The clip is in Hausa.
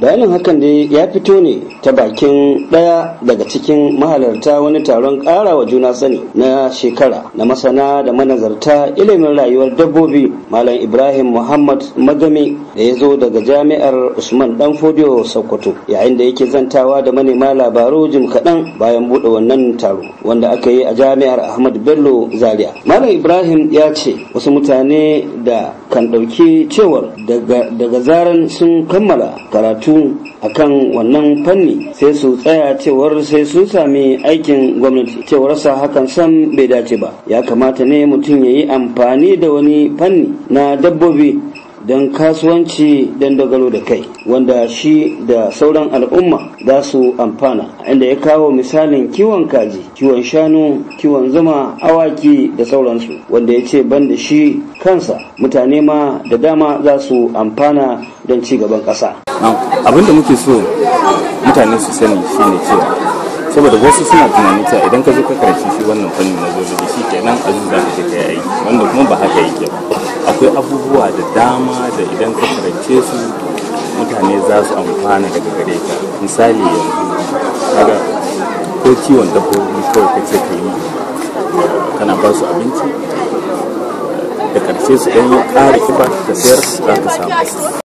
bayanin hakan da ya fito ne ta bakin daya daga cikin mahalarta wani taron ƙarawa juna sani na shekara na masana da manazarta ilimin rayuwar dabbobi malam ibrahim muhammad magami da ya zo daga jami'ar usman dan fodiyo sokoto yayin da yake zantawa da manema labaru jim kaɗan bayan buɗe wannan taro wanda aka yi a jami'ar ahmad bello zaria malam ibrahim ya ce wasu mutane da kan ɗauki cewar daga zaran sun kammala karatu akan wannan fanni sai su tsaya cewar sai sun sami aikin gwamnati Cewar sa hakan sam bai dace ba ya kamata ne mutum ya yi amfani da wani fanni na dabbobi don kasuwanci don dagalo da kai wanda shi da sauran al'umma za su amfana inda ya kawo misalin kiwon kaji kiwon shanu kiwon zuma awaki da sauransu wanda ya ce ban da shi kansa mutane ma da dama za su amfana don ci gaban ƙasa abin muke so mutane su sani shine cewa saboda wasu suna tunanin cewa idan ka zo ka karanci shi wannan fannin na da shi kenan a zuwa ka je ka yi wanda kuma ba haka yake ba akwai abubuwa da dama da idan ka karance su mutane za su amfana daga gare ka misali yanzu kaga ko ciwon dabbobi kawai kace ce ka yi kana ba su abinci da karshe su ɗan yi ƙara kiba da sayar za ka samu